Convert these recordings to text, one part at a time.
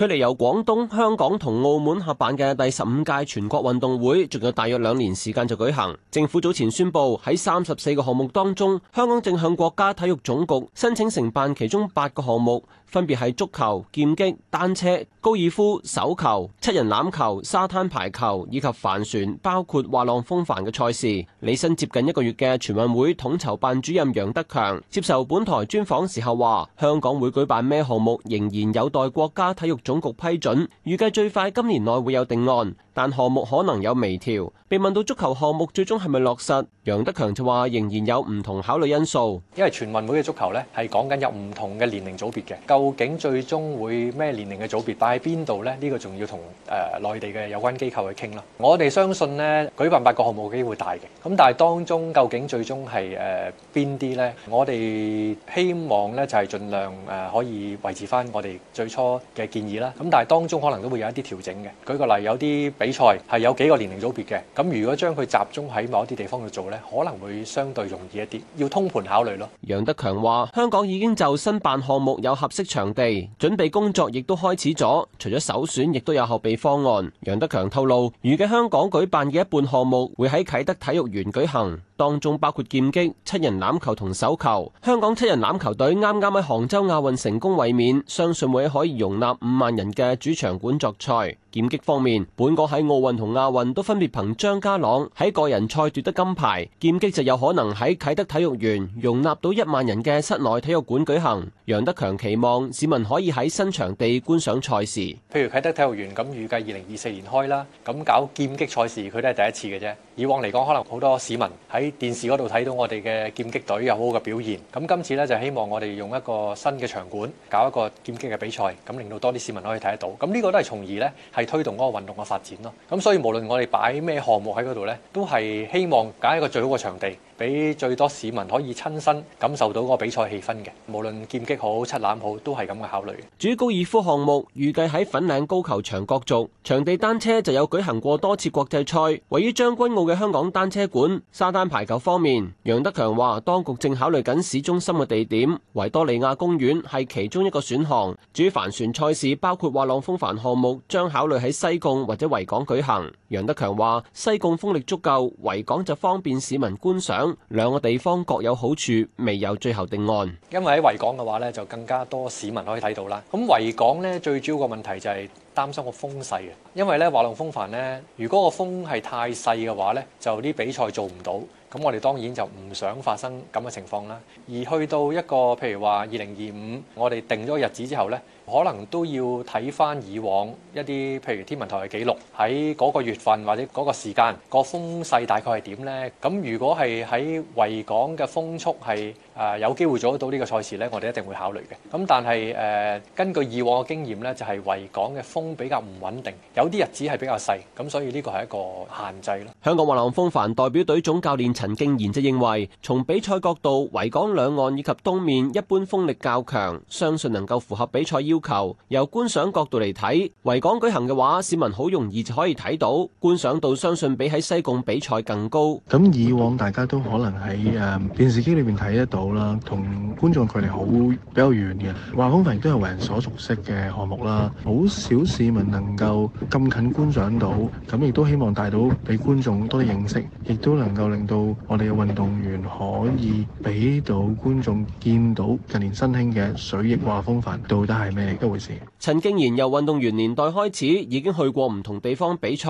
距離由廣東、香港同澳門合辦嘅第十五屆全國運動會，仲有大約兩年時間就舉行。政府早前宣布，喺三十四個項目當中，香港正向國家體育總局申請承辦其中八個項目，分別係足球、劍擊、單車、高爾夫、手球、七人欖球、沙灘排球以及帆船，包括滑浪風帆嘅賽事。李新接近一個月嘅全運會統籌辦主任楊德強接受本台專訪時候話，香港會舉辦咩項目仍然有待國家體育總局批准，預計最快今年內會有定案。但項目可能有微調。被問到足球項目最終係咪落實，楊德強就話仍然有唔同考慮因素。因為全運會嘅足球呢，係講緊有唔同嘅年齡組別嘅，究竟最終會咩年齡嘅組別擺喺邊度呢？呢個仲要同誒內地嘅有關機構去傾啦。我哋相信呢，舉辦八個項目機會大嘅，咁但係當中究竟最終係誒邊啲呢？我哋希望呢就係盡量誒可以維持翻我哋最初嘅建議啦。咁但係當中可能都會有一啲調整嘅。舉個例，有啲比比賽係有幾個年齡組別嘅，咁如果將佢集中喺某一啲地方去做呢，可能會相對容易一啲，要通盤考慮咯。楊德強話：香港已經就申辦項目有合適場地，準備工作亦都開始咗，除咗首選，亦都有後備方案。楊德強透露，預計香港舉辦嘅一半項目會喺啟德體育園舉行。當中包括劍擊、七人欖球同手球。香港七人欖球隊啱啱喺杭州亞運成功衛冕，相信會可以容納五萬人嘅主場館作賽。劍擊方面，本港喺奧運同亞運都分別憑張家朗喺個人賽奪得金牌，劍擊就有可能喺啟德體育園容納到一萬人嘅室內體育館舉行。楊德強期望市民可以喺新場地觀賞賽事，譬如啟德體育園咁，預計二零二四年開啦，咁搞劍擊賽事佢都係第一次嘅啫。以往嚟講，可能好多市民喺電視嗰度睇到我哋嘅劍擊隊有好好嘅表現，咁今次呢就希望我哋用一個新嘅場館，搞一個劍擊嘅比賽，咁令到多啲市民可以睇得到。咁呢個都係從而呢係推動嗰個運動嘅發展咯。咁所以無論我哋擺咩項目喺嗰度呢，都係希望揀一個最好嘅場地。俾最多市民可以親身感受到嗰個比賽氣氛嘅，無論劍擊好、七欖好，都係咁嘅考慮。至於高爾夫項目，預計喺粉嶺高球場角逐；場地單車就有舉行過多次國際賽，位於將軍澳嘅香港單車館。沙灘排球方面，楊德強話：當局正考慮緊市中心嘅地點，維多利亞公園係其中一個選項。至於帆船賽事，包括滑浪風帆項目，將考慮喺西貢或者維港舉行。楊德強話：西貢風力足夠，維港就方便市民觀賞。兩個地方各有好處，未有最後定案。因為喺維港嘅話咧，就更加多市民可以睇到啦。咁維港咧，最主要個問題就係、是、擔心個風勢嘅，因為咧滑浪風帆咧，如果個風係太細嘅話咧，就啲比賽做唔到，咁我哋當然就唔想發生咁嘅情況啦。而去到一個譬如話二零二五，我哋定咗個日子之後咧，可能都要睇返以往一啲譬如天文台嘅記錄，喺嗰個月份或者嗰個時間個風勢大概係點咧？咁如果係喺維港嘅風速係誒、呃、有機會做得到呢個賽事咧，我哋一定會考慮嘅。咁但係誒、呃、根據以往嘅經驗咧，就係、是、維港嘅風。風比較唔穩定，有啲日子係比較細，咁所以呢個係一個限制咯。香港滑浪風帆代表隊總教練陳敬賢就認為，從比賽角度，維港兩岸以及東面一般風力較強，相信能夠符合比賽要求。由觀賞角度嚟睇，維港舉行嘅話，市民好容易就可以睇到，觀賞度相信比喺西貢比賽更高。咁以往大家都可能喺誒、嗯、電視機裏面睇得到啦，同觀眾距離好比較遠嘅滑浪風帆亦都係為人所熟悉嘅項目啦，好少，市民能夠咁近觀賞到，咁亦都希望帶到俾觀眾多啲認識，亦都能夠令到我哋嘅運動員可以俾到觀眾見到近年新興嘅水翼滑風帆到底係咩一回事。陳敬然由運動員年代開始已經去過唔同地方比賽，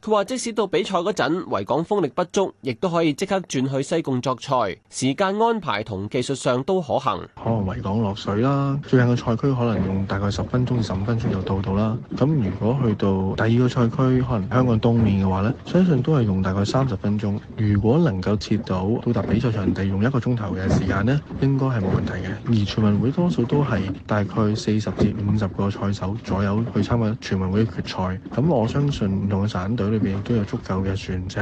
佢話即使到比賽嗰陣維港風力不足，亦都可以即刻轉去西貢作賽，時間安排同技術上都可行。可能維港落水啦，最近嘅賽區可能用大概十分鐘至十五分鐘就到到啦。咁如果去到第二個賽區可能香港東面嘅話咧，相信都係用大概三十分鐘，如果能夠切到到達比賽場地用一個鐘頭嘅時間咧，應該，係冇問題嘅。而全運會多數都係大概四十至五十個賽手左右去參加全運會決賽，咁我相信唔同嘅省隊裏邊都有足夠嘅船隻，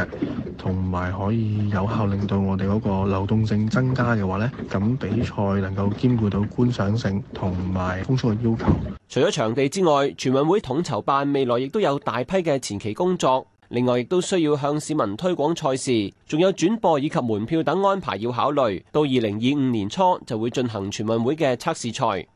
同埋可以有效令到我哋嗰個流動性增加嘅話咧，咁比賽能夠兼顧到觀賞性同埋風速嘅要求。除咗場地之外，全運會。會統籌辦，未來亦都有大批嘅前期工作，另外亦都需要向市民推廣賽事，仲有轉播以及門票等安排要考慮。到二零二五年初就會進行全運會嘅測試賽。